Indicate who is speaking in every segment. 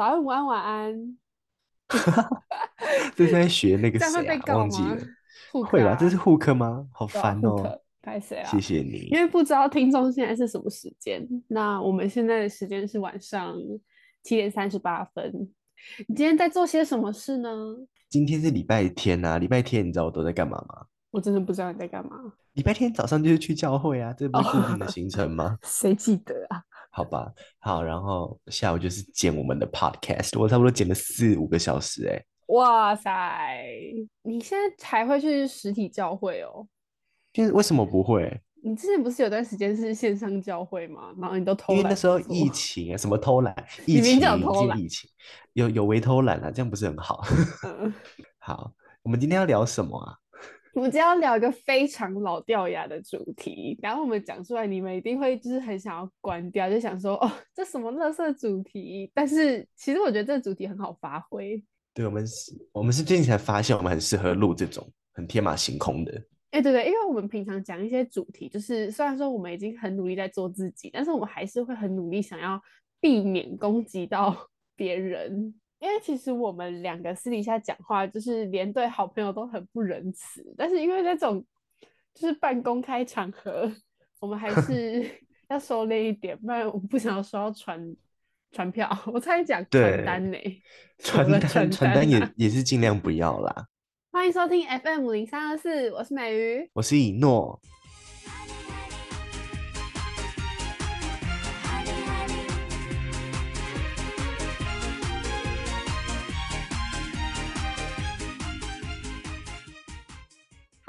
Speaker 1: 早安，午安，晚安。哈哈哈
Speaker 2: 哈是在學那個誰啊？忘記了？啊、會吧？這是護課嗎？好煩哦、喔！該誰啊？啊謝謝你。因
Speaker 1: 為不知道聽眾現在是什麼時間，那我們現在的時間是晚上七點三十八分。你今天在做些什麼事呢？
Speaker 2: 今天是禮拜天吶、啊，禮拜天你知道我都在幹嘛嗎？
Speaker 1: 我真的不知道你在幹嘛。
Speaker 2: 禮拜天早上就是去教會啊，這不是固定的行程嗎？Oh,
Speaker 1: 誰記得啊？
Speaker 2: 好吧，好，然後下午就是剪我們的 podcast，我差不多剪了四五個小時、欸，哎，
Speaker 1: 哇塞，你現在才會去實體教會哦？就
Speaker 2: 是為什麼不會？
Speaker 1: 你之前不是有段時間是線上教會嗎？然後你都偷懶，因為那時候疫
Speaker 2: 情啊，什麼偷懶，疫情，疫情，有有違偷懶了、啊，這樣不是很好。 好，我們今天要聊什麼啊？
Speaker 1: 我們今天要聊一個非常老掉牙的主題，然後我們講出來，你們一定會就是很想要關掉，就想說哦，這什麼垃圾主題。但是其實我覺得這個主題很好發揮。
Speaker 2: 對，我們是，我們是最近才發現，我們很適合錄這種很天馬行空的。
Speaker 1: 哎、欸，對，對對，因為我們平常講一些主題，就是雖然說我們已經很努力在做自己，但是我們還是會很努力想要避免攻擊到別人。因為其實我們兩個私底下講話，就是連對好朋友都很不仁慈。但是因為那種就是半公開場合，我們還是要收斂一點， 不然我不想說要傳傳票。我差點講傳單呢、欸，對傳單、啊、傳單傳單也
Speaker 2: 也是盡量不要啦。
Speaker 1: 歡迎收聽 FM 零三二四，我是美瑜，
Speaker 2: 我是以諾。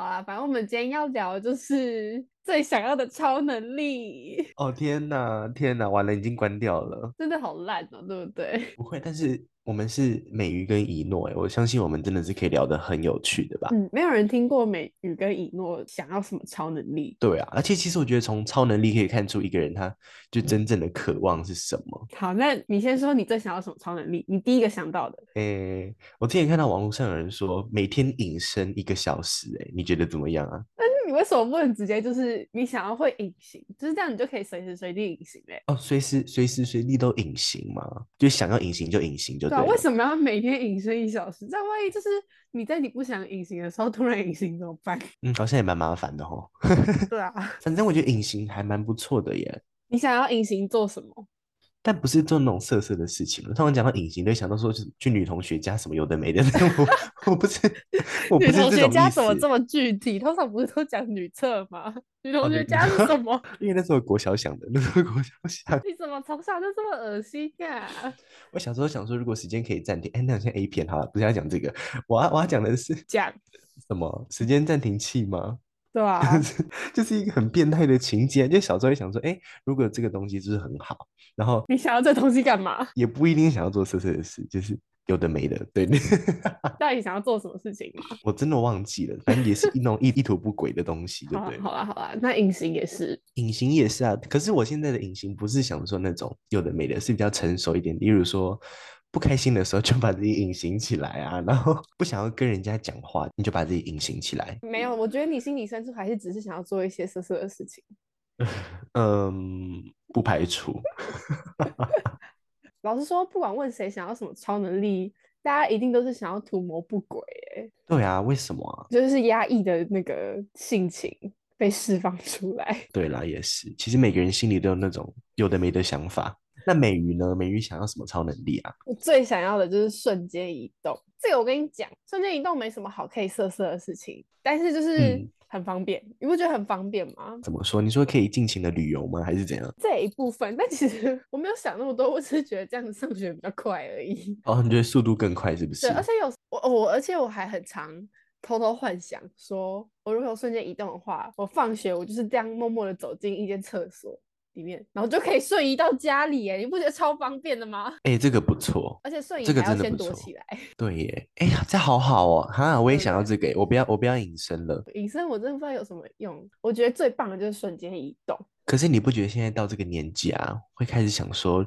Speaker 1: 好啊，反正我們今天要聊的就是。最想要的超能力？
Speaker 2: 哦，天哪，天哪，完了，已經關掉了，
Speaker 1: 真的好爛哦，對不對？不
Speaker 2: 會，但是我們是美魚跟依諾，我相信我們真的是可以聊得很有趣的吧？
Speaker 1: 嗯，沒有人聽過美魚跟依諾想要什麼超能力？
Speaker 2: 對啊，而且其實我覺得從超能力可以看出一個人他就真正的渴望是什麼。
Speaker 1: 嗯、好，那你先說，你最想要什麼超能力？你第一個想到的？
Speaker 2: 誒，我之前看到網絡上有人說每天隱身一個小時，誒，你覺得怎麼樣啊？
Speaker 1: 為什麼不能直接就是你想要會隱形，就是這樣，你就可以隨時隨地隱形哎！
Speaker 2: 哦，隨時隨時隨地都隱形嘛。就想要隱形就隱形就對。對啊，為
Speaker 1: 什麼要每天隱身一小時？那萬一就是你在你不想隱形的時候突然隱形怎麼辦？
Speaker 2: 嗯，好像也蠻麻煩的哦。 對啊，反正我覺得隱形還蠻不錯的耶。
Speaker 1: 你想要隱形做什麼？
Speaker 2: 但不是做那種色色的事情了。通常講到隱形都想到說去女同學家什麼有的沒的， 但我我不是，我不是。女同學家怎麼這麼
Speaker 1: 具體？通常不是都講女廁嗎？女同學家是什麼？
Speaker 2: 哦、 因為那時候國小想的，那時候國小想
Speaker 1: 的。你怎麼從小就這麼噁心啊？我小時候
Speaker 2: 想說，想說如果時間可以暫停，哎，那我先 A 片好了，不是要講這個，我、啊、我要、啊、講的是講什麼？時間暫停器嗎？
Speaker 1: 對
Speaker 2: 啊， 就是一個很變態的情節。就小時候也想說，哎、欸，如果這個東西就是很好，然後
Speaker 1: 你想要這東西幹嘛？
Speaker 2: 也不一定想要做色色的事，就是有的沒的，對，對，對。
Speaker 1: 到底想要做什麼事情？
Speaker 2: 我真的忘記了，反正也是一種意圖不軌的東西，對不
Speaker 1: 對？好啦、啊、好啦、啊，那隱形也是，
Speaker 2: 隱形也是啊。可是我現在的隱形不是想說那種有的沒的，是比較成熟一點，例如說。不開心的時候就把自己隱形起來啊，然後不想要跟人家講話，你就把自己隱形起來。
Speaker 1: 沒有，我覺得你心裡深處還是只是想要做一些色色的事情。
Speaker 2: 嗯，不排除。
Speaker 1: 老實說，不管問誰想要什麼超能力，大家一定都是想要圖謀不軌。哎，
Speaker 2: 對啊，為什麼啊？
Speaker 1: 就是壓抑的那個性情被釋放出來。
Speaker 2: 對啦，也是。其實每個人心裡都有那種有的沒的想法。那美魚呢？美魚想要什麼超能力啊？
Speaker 1: 我最想要的就是瞬間移動。這個我跟你講，瞬間移動沒什麼好可以色色的事情，但是就是很方便。嗯，你不覺得很方便嗎？
Speaker 2: 怎麼說？你說可以盡情的旅遊嗎？還是怎樣？
Speaker 1: 這一部分，但其實我沒有想那麼多，我只是覺得這樣子上學比較快而已。
Speaker 2: 哦，你覺得速度更快是不是？對，而且
Speaker 1: 有我，我而且我還很常偷偷幻想，說我如果瞬間移動的話，我放學我就是這樣默默的走進一間廁所。裡面，然後就可以瞬移到家裡，哎，你不覺得超方便的嗎？
Speaker 2: 哎，這個不錯，而且瞬移還要先躲起來，這個真的不錯。對耶，哎呀，這好好哦，哈，我也想要這個。我不要，我不要隱身了，
Speaker 1: 隱身我真的不知道有什麼用，我覺得最棒的就是瞬間移動。
Speaker 2: 可是你不覺得現在到這個年紀啊，會開始想說，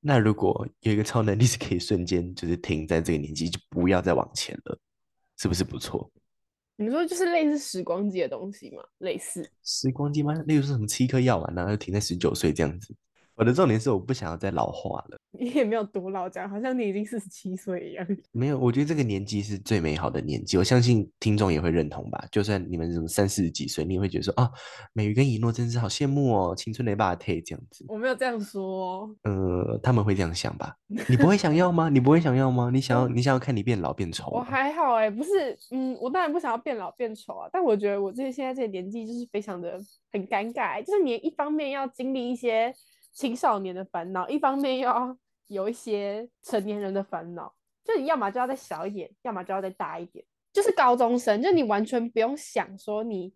Speaker 2: 那如果有一個超能力是可以瞬間就是停在這個年紀，就不要再往前了，是不是不錯？
Speaker 1: 你說就是類似時光機的東西嘛？類似
Speaker 2: 時光機嗎？例如說什麼七顆藥丸然後啊，就停在十九歲這樣子。我的重點是，我不想要再老化了。
Speaker 1: 你也沒有多老，講好像你已經四十七歲一
Speaker 2: 樣。沒有，我覺得這個年紀是最美好的年紀，我相信聽眾也會認同吧。就算你們什麼三四十幾歲，你也會覺得說啊，美玉跟一諾真是好羨慕哦，青春的一把退這樣子。
Speaker 1: 我沒有這樣說，
Speaker 2: 哦。呃，他們會這樣想吧？你不會想要嗎？ 你不會想要嗎？你想要，你想要看你變老變醜？我
Speaker 1: 還好哎、欸，不是，嗯，我當然不想要變老變醜啊。但我覺得我這現在這個年紀就是非常的很尷尬，欸，就是你一方面要經歷一些。青少年的煩惱，一方面要有一些成年人的煩惱，就你要麼就要再小一點，要麼就要再大一點，就是高中生，就你完全不用想說你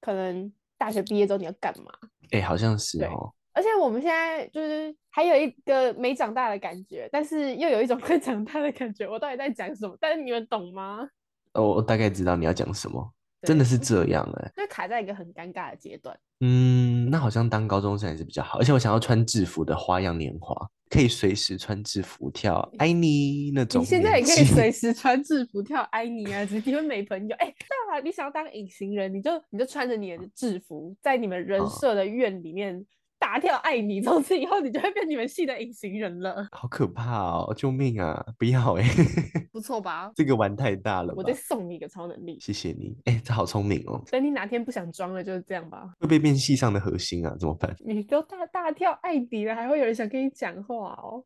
Speaker 1: 可能大學畢業之後你要幹嘛，
Speaker 2: 哎、欸，好像是哦。
Speaker 1: 而且我們現在就是還有一個沒長大的感覺，但是又有一種在長大的感覺，我到底在講什麼？但是你們懂嗎？
Speaker 2: 哦，我大概知道你要講什麼。真的是這樣哎、欸，
Speaker 1: 就卡在一個很尷尬的階段。
Speaker 2: 嗯，那好像當高中生還是比較好。而且我想要穿制服的花樣年華，可以隨時穿制服跳愛你那種。你現在也可以
Speaker 1: 隨時穿制服跳愛你啊！只是因為沒朋友。哎、 欸，那好，你想要當隱形人，你就你就穿着你的制服，在你們人設的院裡面。哦。大跳愛你，從此以後你就會變你們系的隱形人了，好
Speaker 2: 可怕哦！救命啊！不要哎、
Speaker 1: 欸！ 不錯吧？這
Speaker 2: 個玩太大了，我再
Speaker 1: 送你一個超能力。
Speaker 2: 謝謝你，哎、欸，這好聰明哦。
Speaker 1: 所以你哪天不想裝了，就是這樣吧。
Speaker 2: 會被變系上的核心啊，怎麼辦？
Speaker 1: 你都大，大跳愛迪了，還會有人想跟你講話
Speaker 2: 哦？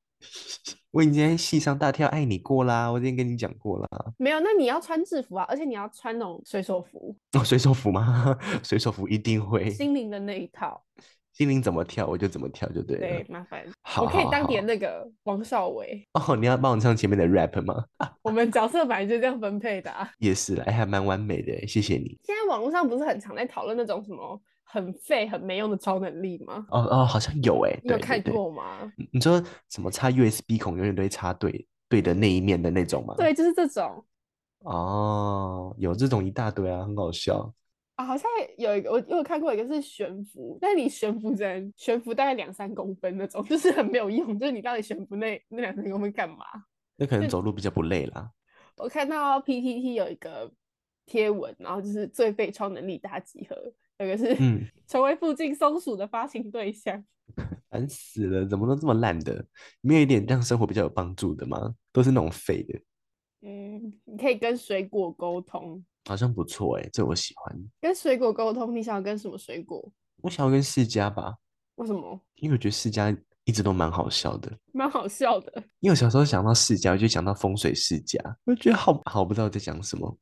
Speaker 2: 我已經在系上大跳愛你過啦，我已經跟你講過啦。
Speaker 1: 沒有，那你要穿制服啊，而且你要穿那種水手服。
Speaker 2: 哦、水手服嗎？水手服一定會。
Speaker 1: 心靈的那一套。
Speaker 2: 心靈怎麼跳我就怎麼跳就對了。對，
Speaker 1: 麻煩，好好好好，我可以當點那個王少偉
Speaker 2: 哦。Oh, 你要幫我唱前面的 rap 嗎？
Speaker 1: 我們角色反正就這樣分配的、啊。
Speaker 2: 也是哎，還蠻完美的，謝謝你。
Speaker 1: 現在網絡上不是很常在討論那種什麼很廢、很沒用的超能力嗎？哦
Speaker 2: 哦，好像有哎，你有看過嗎？對對對，你說什麼插 USB 孔永遠都會插對，對的那一面的那種嗎？對，
Speaker 1: 就是這種。
Speaker 2: 哦，oh, 有這種一大堆啊，很好笑。
Speaker 1: 哦、好像有一個，我有看過一個是懸浮，但你懸浮只能懸浮大概兩三公分那種，就是很沒有用，就是你到底懸浮那那兩三公分幹嘛？
Speaker 2: 那就可能走路比較不累啦。
Speaker 1: 我看到 P T T 有一個貼文，然後就是最廢超能力大集合，那個是成為附近松鼠的發情對象。
Speaker 2: 煩、嗯、 死了，怎麼都這麼爛的？沒有一點讓生活比較有幫助的嗎？都是那種廢的。嗯，
Speaker 1: 你可以跟水果溝通。
Speaker 2: 好像不錯哎，這我喜歡。
Speaker 1: 跟水果溝通，你想要跟什麼水果？
Speaker 2: 我想要跟釋迦吧。
Speaker 1: 為什麼？
Speaker 2: 因為我覺得釋迦一直都蠻好笑的，
Speaker 1: 蠻好笑的。
Speaker 2: 因為我小時候想到釋迦，我就想到風水世家，我覺得好好不知道在講什麼，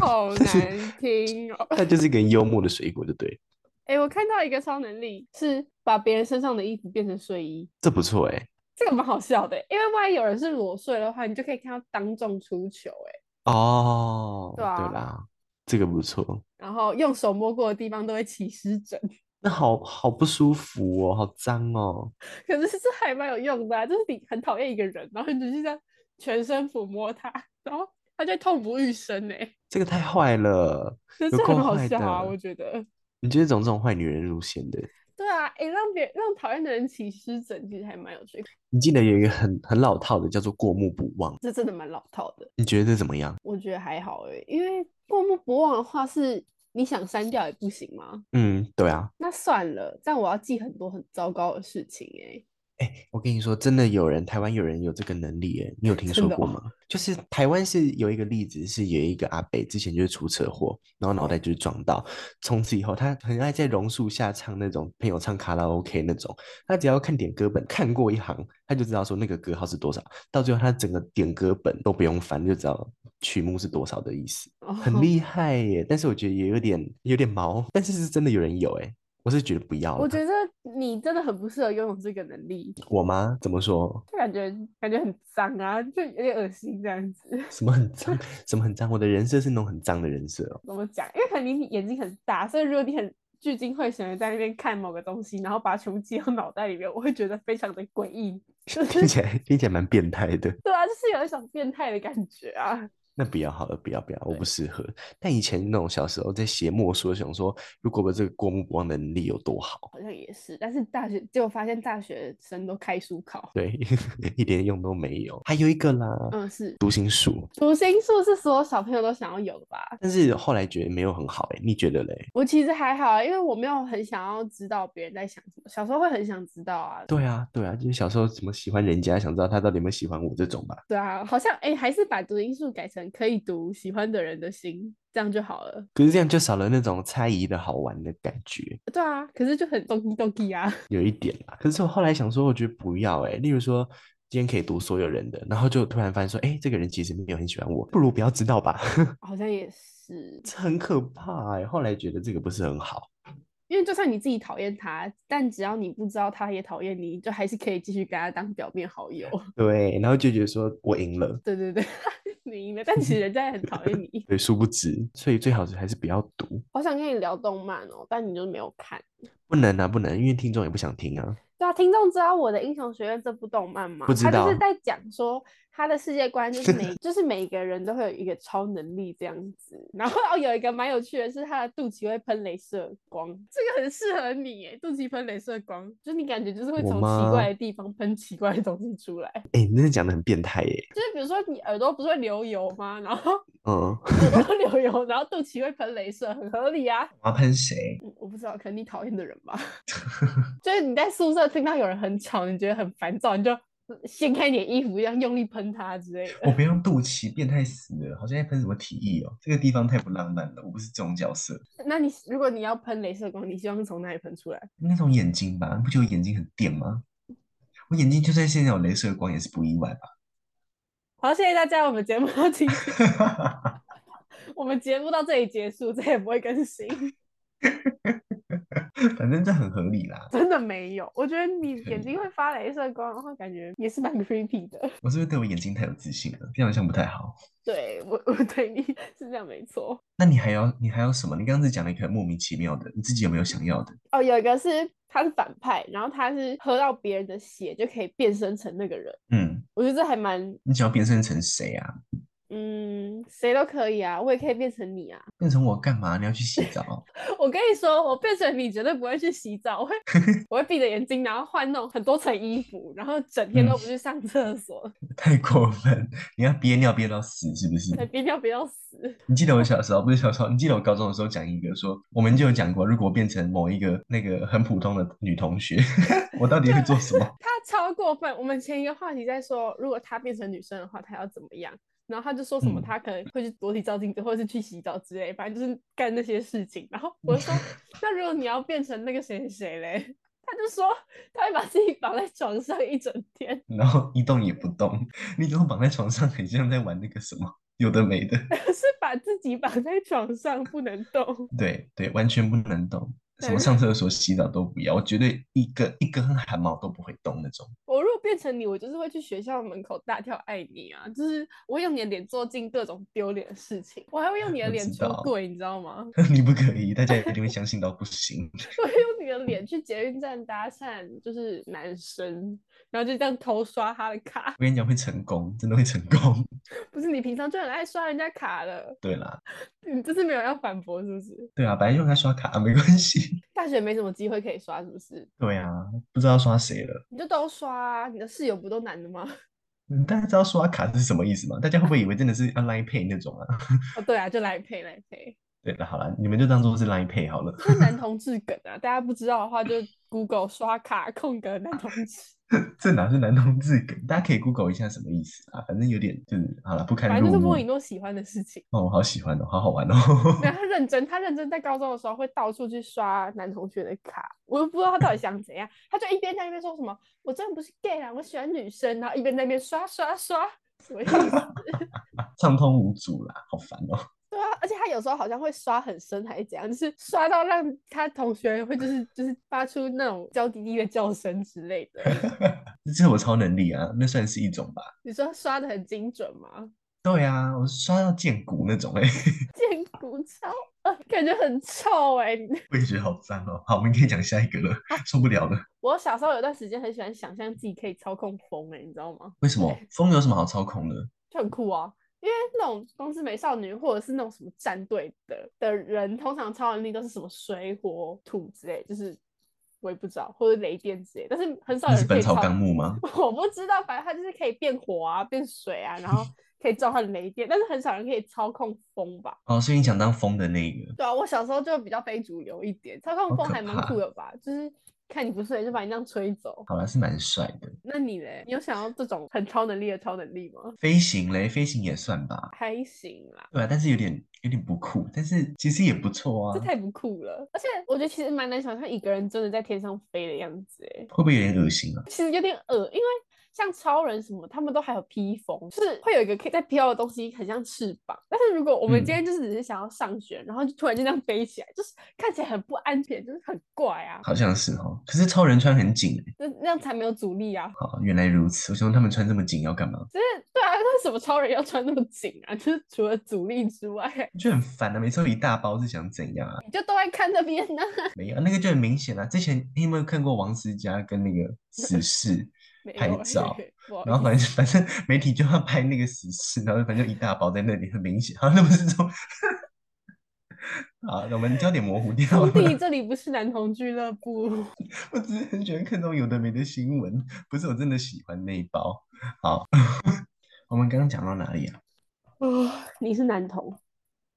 Speaker 1: 好難聽哦。它
Speaker 2: 就是一個幽默的水果，就對。
Speaker 1: 哎，我看到一個超能力是把別人身上的衣服變成睡衣，這不錯哎。這個蠻好笑的，因為萬一有人是裸睡的話，你就可以看到當眾出糗哎。
Speaker 2: 哦，對啊、對啦。這個不錯。
Speaker 1: 然後用手摸過的地方都會起濕疹，
Speaker 2: 那好好不舒服哦，好髒哦。
Speaker 1: 可是這還蠻有用的啊，就是你很討厭一個人，然後你只是這樣全身撫摸他，然後他就會痛不欲生哎。
Speaker 2: 這個太壞了，有夠好笑啊！我覺得。你覺得走這種壞女人路線的？
Speaker 1: 哎、欸，讓別讓討厭的人起濕疹，其實還蠻有趣的。
Speaker 2: 你記得有一個很很老套的，叫做過目不忘。這
Speaker 1: 真的蠻老套的。
Speaker 2: 你覺得這怎麼樣？
Speaker 1: 我覺得還好哎，因為過目不忘的話，是你想刪掉也不行嗎？
Speaker 2: 嗯，對啊。
Speaker 1: 那算了，但我要記很多很糟糕的事情哎。
Speaker 2: 哎、欸，我跟你說，真的有人台灣有人有這個能力哎，你有聽說過嗎？哦、就是台灣是有一個例子，是有一個阿北，之前就是出車禍，然後腦袋就是撞到，從此以後他很愛在榕樹下唱那種朋友唱卡拉 OK 那種，他只要看點歌本看過一行，他就知道說那個歌號是多少，到最後他整個點歌本都不用翻就知道曲目是多少的意思，很厲害耶。但是我覺得也有點有點毛，但是是真的有人有哎。我是覺得不要。我覺
Speaker 1: 得你真的很不適合擁有這個能力。
Speaker 2: 我嗎？怎麼說？
Speaker 1: 就感覺感覺很髒啊，就有點噁心這樣子。什
Speaker 2: 麼很髒？什麼很髒？我的人設是那種很髒的人設
Speaker 1: 哦。怎麼講？因為可能你眼睛很大，所以如果你很聚精會神的在那邊看某個東西，然後把它全部擠到腦袋裡面，我會覺得非常的詭異，就是。聽起
Speaker 2: 來聽起來蠻變態的。
Speaker 1: 對啊，就是有一種變態的感覺啊。
Speaker 2: 那不要好了，不要不要，我不適合。對但以前那種小時候在寫默書，想說，如果我這個過目不忘的能力有多好？
Speaker 1: 好像也是，但是大學，結果發現大學生都開書考，
Speaker 2: 對，一點用都沒有。還有一個啦，嗯，是讀心術，
Speaker 1: 讀心術是所有小朋友都想要有的吧？但
Speaker 2: 是後來覺得沒有很好。欸，哎，你覺得嘞？
Speaker 1: 我其實還好啊，因為我沒有很想要知道別人在想什麼。小時候會很想知道啊，對，對
Speaker 2: 啊，對啊，就是小時候怎麼喜歡人家，想知道他到底有沒有喜歡我這種
Speaker 1: 吧？對啊，好像哎，欸，還是把讀心術改成。可以讀喜歡的人的心，這樣就好了。
Speaker 2: 可是這樣就少了那種猜疑的好玩的感覺。
Speaker 1: 對啊，可是就很 doki doki 啊。
Speaker 2: 有一點啊。可是我後來想說，我覺得不要哎、欸。例如說，今天可以讀所有人的，然後就突然發現說，哎、欸，這個人其實沒有很喜歡我，不如不要知道吧。
Speaker 1: 好像也是。這
Speaker 2: 很可怕、欸。後來覺得這個不是很好，
Speaker 1: 因為就算你自己討厭他，但只要你不知道他也討厭你，就還是可以繼續給他當表面好友。
Speaker 2: 對，然後就覺得說我贏了。
Speaker 1: 對對對。你，但其實人家也很討厭你，
Speaker 2: 對，殊不知，所以最好是還是不要讀。
Speaker 1: 好想跟你聊動漫哦，但你就沒有看。
Speaker 2: 不能啊，不能，因為聽眾也不想聽啊。
Speaker 1: 對啊，聽眾知道我的《英雄學院》這部動漫嘛？不知道。他就是在講說他的世界觀就是每 就是每個人都會有一個超能力這樣子，然後哦，有一個蠻有趣的是他的肚臍會噴鐳射光，這個很適合你耶，肚臍噴鐳射光，就你感覺就是會從奇怪的地方噴奇怪的東西出來。
Speaker 2: 哎、欸，你真的講的很變態耶。
Speaker 1: 就是比如說你耳朵不是會流油嗎？然後嗯， 耳朵流油，然後肚臍會噴鐳射，很合理啊。我要噴誰？我不知道，可能你討厭的人吧， 就是你在宿舍聽到有人很吵，你覺得很煩躁，你就掀開你的衣服一樣用力噴他之類的。我不
Speaker 2: 用肚臍，變態死了，好像在噴什麼體液哦、喔。這個地方太不浪漫了，我不是這種角色。
Speaker 1: 那你如果你要噴鐳射光，你希望是從哪裡噴出來？
Speaker 2: 那種眼睛吧，你不覺得眼睛很電嗎？我眼睛就算現在有鐳射光也是不意外吧。
Speaker 1: 好，謝謝大家，我們節目， 我們節目到這裡結束，再也不會更新。
Speaker 2: 反正這很合理啦，真
Speaker 1: 的沒有。我覺得你眼睛會發雷射光，然後感覺也是蠻 creepy 的。
Speaker 2: 我是不是對我眼睛太有自信了？這樣好像不太好。
Speaker 1: 對，我我對你是這樣沒錯。
Speaker 2: 那你還要你還有什麼？你剛才講了一個莫名其妙的，你自己有沒有想要的？
Speaker 1: 哦，有一個是他是反派，然後他是喝到別人的血就可以變身成那個人。嗯，我覺得這還蠻……你
Speaker 2: 想要變身成誰啊？
Speaker 1: 嗯，誰都可以啊，我也可以變成你啊。
Speaker 2: 變成我幹嘛？你要去洗澡？
Speaker 1: 我跟你說，我變成你絕對不會去洗澡，我會， 我會閉着眼睛，然後換那種很多層衣服，然後整天都不去上廁所。嗯，
Speaker 2: 太過分，你要憋尿憋到死是不是？對，
Speaker 1: 憋尿憋到死。
Speaker 2: 你記得我小時候不是小時候？你記得我高中的時候講一個說，我們就有講過，如果變成某一個那個很普通的女同學， 我到底會做什麼？
Speaker 1: 他超過分。我們前一個話題在說，如果他變成女生的話，他要怎麼樣？然後他就說什麼，他可能會去裸體照鏡子，嗯、或者是去洗澡之類，反正就是幹那些事情。然後我就說， 那如果你要變成那個誰誰誰嘞，他就說他會把自己綁在床上一整天，
Speaker 2: 然後一動也不動。你怎麼綁在床上，很像在玩那個什麼有的沒的？
Speaker 1: 是把自己綁在床上不能動。對
Speaker 2: 對，完全不能動。什麼上廁所、洗澡都不要，我絕對一根一根汗毛都不會動那種。
Speaker 1: 我如果變成你，我就是會去學校門口大跳“愛你啊”，就是我用你的臉做盡各種丟臉的事情，我還會用你的臉出軌，知你知道嗎？
Speaker 2: 你不可以，大家也一定會相信到不行。
Speaker 1: 我用你的臉去捷運站搭訕，就是男生， 然後就這樣偷刷他的卡。
Speaker 2: 我跟你講會成功，真的會成功。
Speaker 1: 不是你平常就很愛刷人家卡的。對啦。就是沒有要反駁是不是？
Speaker 2: 對啊，本來就該刷卡啊，沒關係。
Speaker 1: 大學沒什麼機會可以刷，是不是？
Speaker 2: 對啊，不知道要刷誰了。
Speaker 1: 你就都要刷啊，你的室友不都男的嗎？
Speaker 2: 大家知道刷卡是什麼意思嗎？大家會不會以為真的是要 line pay 那種啊？
Speaker 1: 哦， oh, 對啊，就 line pay line pay。
Speaker 2: 對，好了，你們就當做是 Line Pay 好了。這
Speaker 1: 男同志梗啊，大家不知道的話，就 Google 刷卡空格男同志。
Speaker 2: 這哪是男同志梗？大家可以 Google 一下什麼意思啊？反正有點就是好了，不堪入目。反正就是莫影
Speaker 1: 諾喜歡的事情。
Speaker 2: 哦，我好喜歡哦，好好玩哦。
Speaker 1: 那他認真，他認真在高中的時候會到處去刷男同學的卡，我又不知道他到底想怎樣。 他就一邊在那邊說什麼：“我真的不是 gay 啊，我喜歡女生。”然後一邊在那邊刷刷刷，什麼意思？
Speaker 2: 暢 通無阻啦，好煩哦。
Speaker 1: 而且他有時候好像會刷很深還是怎樣，就是刷到讓他同學會就是就是發出那種嬌滴滴的叫聲之類的。
Speaker 2: 這是我超能力啊，那算是一種吧？
Speaker 1: 你說刷得很精準嗎？
Speaker 2: 對啊，我刷到見骨那種哎、
Speaker 1: 欸，見 骨超感覺很臭哎、欸，
Speaker 2: 我也覺得好髒哦、喔。好，我們可以講下一個了，受、啊、不了了。
Speaker 1: 我小時候有段時間很喜歡想象自己可以操控風哎、欸，你知道嗎？
Speaker 2: 為什麼？風有什麼好操
Speaker 1: 控的？就很酷啊。因為那種公司美少女，或者是那種什麼戰隊的的人，通常超能力都是什麼水、火、土之類，就是我也不知道，或者雷電之類。但是很少人可以操。是《本草綱目》嗎？我不知道，反正他就是可以變火啊、變水啊，然後可以召喚雷電， 但是很少人可以操控風吧？
Speaker 2: 哦，所以你想當風的那一個？
Speaker 1: 對啊，我小時候就比較非主流一點，操控風還蠻酷的吧？就是。看你不睡，欸，就把你那樣吹走。好
Speaker 2: 了，啊，是蠻帥的。
Speaker 1: 那你嘞，你有想要這種很超能力的超能力嗎？
Speaker 2: 飛行嘞，飛行也算吧，
Speaker 1: 還行啦。
Speaker 2: 對啊，但是有點有點不酷，但是其實也不錯啊。這太
Speaker 1: 不酷了，而且我覺得其實蠻難想象一個人真的在天上飛的樣子，欸，哎，
Speaker 2: 會不會有點噁心啊？其
Speaker 1: 實有點噁，因為。像超人什麼，他們都還有披風，就是會有一個可以在飄的東西，很像翅膀。但是如果我們今天就是只是想要上學，嗯、然後就突然就這樣飛起來，就是看起來很不安全，就是很怪啊。好
Speaker 2: 像是哦，可是超人穿很緊、欸，那
Speaker 1: 那樣才沒有阻力啊。
Speaker 2: 好，原來如此。我想他們穿這麼緊要幹嘛？就
Speaker 1: 是對啊，為什麼超人要穿那麼緊啊？就是除了阻力之外，就
Speaker 2: 很煩啊。沒穿一大包是想怎樣啊？你
Speaker 1: 就都愛看這邊啊。沒有，那
Speaker 2: 個就很明顯啊。之前你有沒有看過王思佳跟那個死侍？
Speaker 1: 拍照，對然後反
Speaker 2: 正反正媒體就要拍那個時事，然後反正一大包在那裡，很明顯。好、啊，那不是這種。 好，我們焦點模糊掉了。這裡
Speaker 1: 這裡不是男銅俱樂部。我只是很
Speaker 2: 喜歡看這種有的沒的新聞，不是我真的喜歡那一包。好， 我們剛剛講到哪裡啊？哦，
Speaker 1: 你是男童。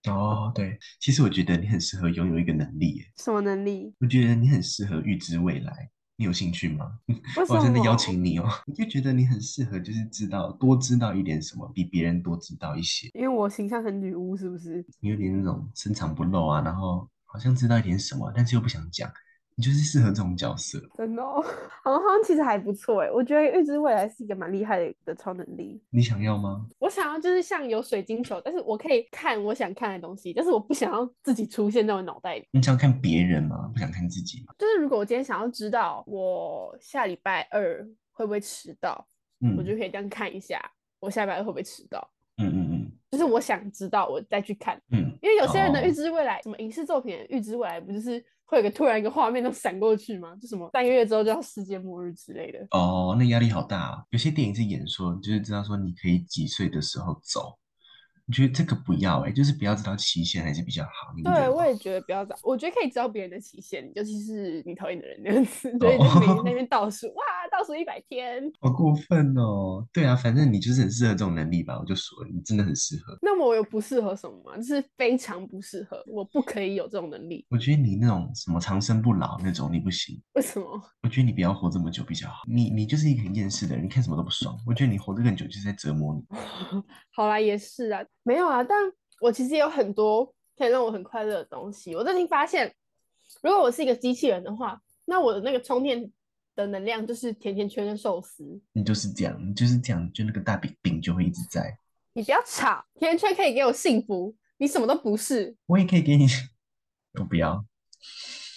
Speaker 2: 哦，對，其實我覺得你很適合擁有一個能力耶。
Speaker 1: 什麼能力？
Speaker 2: 我覺得你很適合預知未來。你有興趣嗎？ 我真的邀請你哦，我 就覺得你很適合，就是知道，多知道一點什麼，比別人多知道一些。
Speaker 1: 因為我形象很女巫，是不是？
Speaker 2: 你有點那種深藏不露啊，然後好像知道一點什麼，但是又不想講。你就是適合這種角色，
Speaker 1: 真的哦。好 像其實還不錯哎，我覺得預知未來是一個蠻厲害的超能力。
Speaker 2: 你想要嗎？
Speaker 1: 我想要就是像有水晶球，但是我可以看我想看的東西，但是我不想要自己出現在我腦袋裡。你
Speaker 2: 想要看別人嗎？不想看自己嗎？
Speaker 1: 就是如果我今天想要知道我下禮拜二會不會遲到，嗯，我就可以這樣看一下我下禮拜二會不會遲到。是我想知道，我再去看。嗯，因為有些人的預知未來，哦、什麼影視作品預知未來，不就是會有個突然一個畫面都閃過去嗎？就什麼三個月之後就要世界末日之類的。
Speaker 2: 哦，那壓力好大啊！有些電影是演說，就是知道說你可以幾歲的時候走。我覺得這個不要哎、欸，就是不要知道期限還是比較好。有有對，
Speaker 1: 我也覺得不要找，我覺得可以知道別人的期限，尤其是，你討厭的人那樣子，哦、所以你那邊那邊倒數，哇，倒數一百天，
Speaker 2: 好過分哦！對啊，反正你就是很適合這種能力吧？我就說你真的很適合。
Speaker 1: 那麼我又不適合什麼嗎？就是非常不適合，我不可以有這種能力。
Speaker 2: 我覺得你那種什麼長生不老那種，你不行。
Speaker 1: 為什麼？
Speaker 2: 我覺得你不要活這麼久比較好。你你就是一個很厭世的人，你看什麼都不爽。我覺得你活得更久就是在折磨你。
Speaker 1: 好啦，也是啊。沒有啊，但我其實有很多可以讓我很快樂的東西。我最近發現，如果我是一個機器人的話，那我的那個充電的能量就是甜甜圈跟壽司。
Speaker 2: 你就是這樣，你就是這樣，就那個大餅餅就會一
Speaker 1: 直在。你不要吵，甜甜圈可以給我幸福，你什麼都不是。
Speaker 2: 我也可以給你，我不，不要，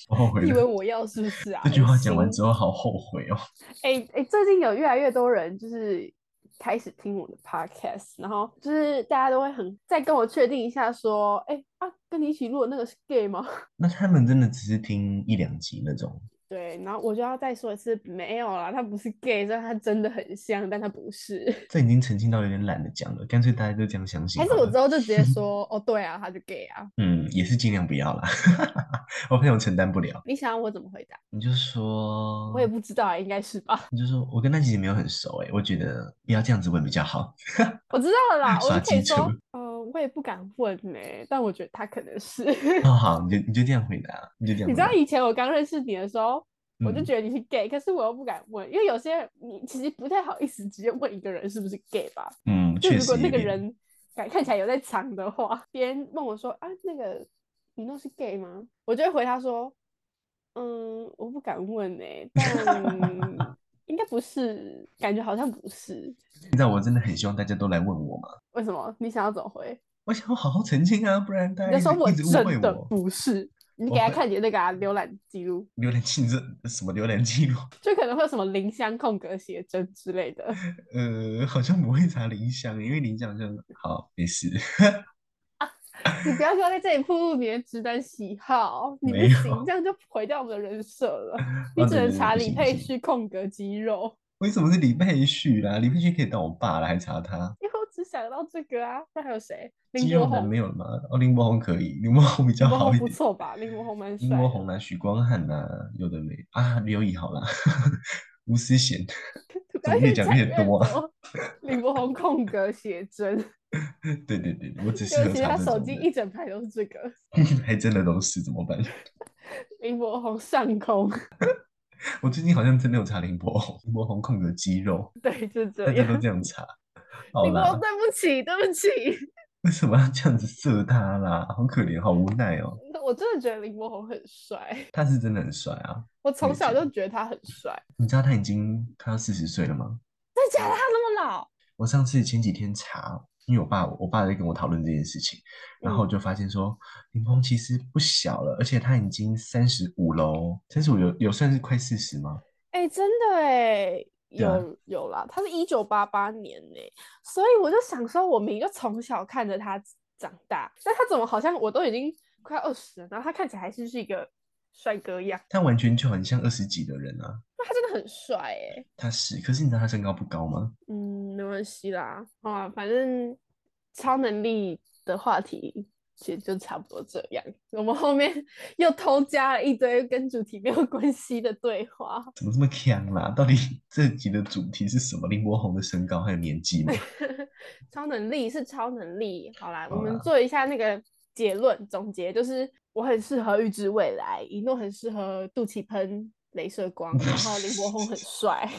Speaker 2: 我後悔。 你以為
Speaker 1: 我要是不是啊？ 這句話
Speaker 2: 講完之後，好後悔哦。
Speaker 1: 哎哎、欸欸，最近有越來越多人就是。開始聽我的 podcast，然後就是大家都會很再跟我確定一下，說，哎、欸、啊，跟你一起錄的那個是 gay 嗎？
Speaker 2: 那他們真的只是聽一兩集那種？
Speaker 1: 對，然後我就要再說一次，沒有啦，他不是 gay，雖然他真的很像，但他不是。
Speaker 2: 這已經澄清到有點懶得講了，乾脆大家都這樣相信。還是我
Speaker 1: 之後就直接說， 哦，對啊，他就 gay 啊。嗯，
Speaker 2: 也是盡量不要了， 我朋友承擔不了。
Speaker 1: 你想我怎麼回答？你
Speaker 2: 就，你就說。我
Speaker 1: 也不知道啊，應該是吧？
Speaker 2: 你就說我跟他其實沒有很熟，哎，我覺得不要這樣子問比較好。
Speaker 1: 我知道了啦，我就可以說。我也不敢問呢、欸，但我覺得他可能是。
Speaker 2: 好、哦、好，你就你就這樣回答，你就這樣。你
Speaker 1: 知道以前我剛認識你的時候，嗯、我就覺得你是 gay，可是我又不敢問，因為有些人你其實不太好意思直接問一個人是不是 gay 吧。
Speaker 2: 嗯，就如果那個人
Speaker 1: 看起來有在藏的話，別人問我說啊，那個你那是 gay 嗎？我就會回他說，嗯，我不敢問呢、欸，但。 應該不是，感覺好像不是。
Speaker 2: 現在我真的很希望大家都來問我嘛？
Speaker 1: 為什麼？你想要怎麼回？
Speaker 2: 我想要好好澄清啊，不然大家一直誤會我，我。真的
Speaker 1: 不是，你給他看你那個瀏覽記錄。
Speaker 2: 瀏覽記錄？什麼瀏覽記錄？
Speaker 1: 就可能會有什麼林襄空格寫真之類的。
Speaker 2: 呃，好像不會查林襄，因為林襄就好，沒事。
Speaker 1: 你不要說在這裡暴露你的直男喜好，你不行，有這樣就毀掉我們的人設了。啊、你只能查李佩旭、空格肌肉。為什麼是李
Speaker 2: 佩旭啦、啊？李佩旭可以當我爸了，還查他？因
Speaker 1: 為我只想得到這個啊，那還有誰？肌肉男
Speaker 2: 沒有了嗎？哦，林柏宏可以，林柏宏比較好一點不
Speaker 1: 錯吧？林柏宏蠻帥。林柏
Speaker 2: 宏啦、啊，許光漢啦、啊，有的沒啊？劉以豪啦，吳 思賢嫌。
Speaker 1: 怎麼越講越多啊，啊。林柏宏空格寫真。
Speaker 2: 對對對，我只是其他手
Speaker 1: 機一整排都是這個，
Speaker 2: 還真的都是怎麼辦？
Speaker 1: 林柏宏上空。
Speaker 2: 我最近好像真的沒有查林柏宏，林柏宏空格肌肉。
Speaker 1: 對，就這樣大家都這
Speaker 2: 樣查。好啦，林柏，
Speaker 1: 對不起，對不起。
Speaker 2: 為什麼要這樣子射他啦？好可憐，好無奈哦、喔！
Speaker 1: 我真的覺得林柏宏很帥，
Speaker 2: 他是真的很帥啊！
Speaker 1: 我從小就覺得他很帥、
Speaker 2: 欸。你知道他已經快要四十歲了嗎？
Speaker 1: 真的假的？他那麼老？
Speaker 2: 我上次前幾天查，因為我爸，我爸在跟我討論這件事情，嗯、然後我就發現說，林柏宏其實不小了，而且他已經三十五囉，三十五有有算是快四十嗎？
Speaker 1: 哎、欸，真的哎、欸。啊、有有啦，他是一九八八年呢、欸，所以我就想說，我每一個從小看着他長大，但他怎麼好像我都已經快二十了，然後他看起來還是是一個帥哥一樣，
Speaker 2: 他完全就很像二十幾的人啊，
Speaker 1: 那他真的很帥哎、
Speaker 2: 欸，他是，可是你知道他身高不高嗎？嗯，
Speaker 1: 沒關係啦，啊，反正超能力的話題。就差不多這樣，我們後面又偷加了一堆跟主題沒有關係的對話，怎麼這麼
Speaker 2: 強啦？到底這集的主題是什麼？林國宏的身高還有年紀嗎？
Speaker 1: 超能力是超能力，好啦，好啦，我們做一下那個結論總結，就是我很適合預知未來，一諾很適合肚臍噴雷射光， 然後林國宏很帥。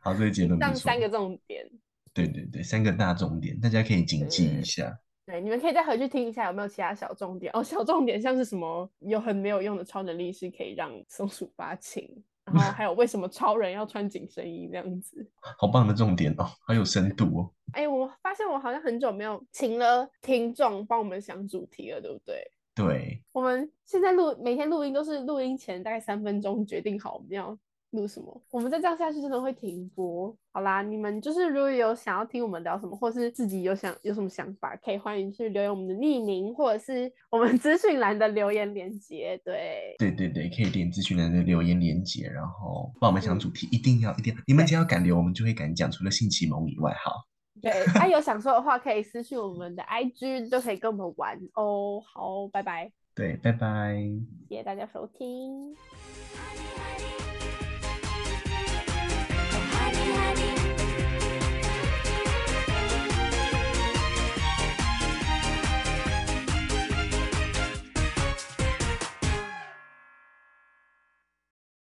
Speaker 2: 好，這個結論。上三
Speaker 1: 個重點。
Speaker 2: 對對對，三個大重點，大家可以謹記一下。嗯
Speaker 1: 對，你們可以再回去聽一下，有沒有其他小重點哦？小重點像是什麼？有很沒有用的超能力是可以讓松鼠發情，然後還有為什麼超人要穿緊身衣這樣子？
Speaker 2: 好棒的重點哦，很有深度
Speaker 1: 哦！哎、欸，我發現我好像很久沒有請了聽眾幫我們想主題了，對不對？對，我們現在錄每天錄音都是錄音前大概三分鐘決定好我們要。錄什麼？我們再這樣下去，真的會停播。好啦，你們就是如果有想要聽我們聊什麼，或是自己有想有什麼想法，可以歡迎去留言我們的匿名，或者是我們資訊欄的留言連結。對，
Speaker 2: 對對對，可以點資訊欄的留言連結，然後幫我們想主題，嗯一，一定要一定要，你們只要敢留，對我們就會敢講。除了性啟蒙以外，哈，
Speaker 1: 對，還、啊、有想說的話， 可以私訊我們的 IG，都可以跟我們玩哦。Oh, 好，拜拜。
Speaker 2: 對，拜拜。
Speaker 1: 謝謝大家收聽。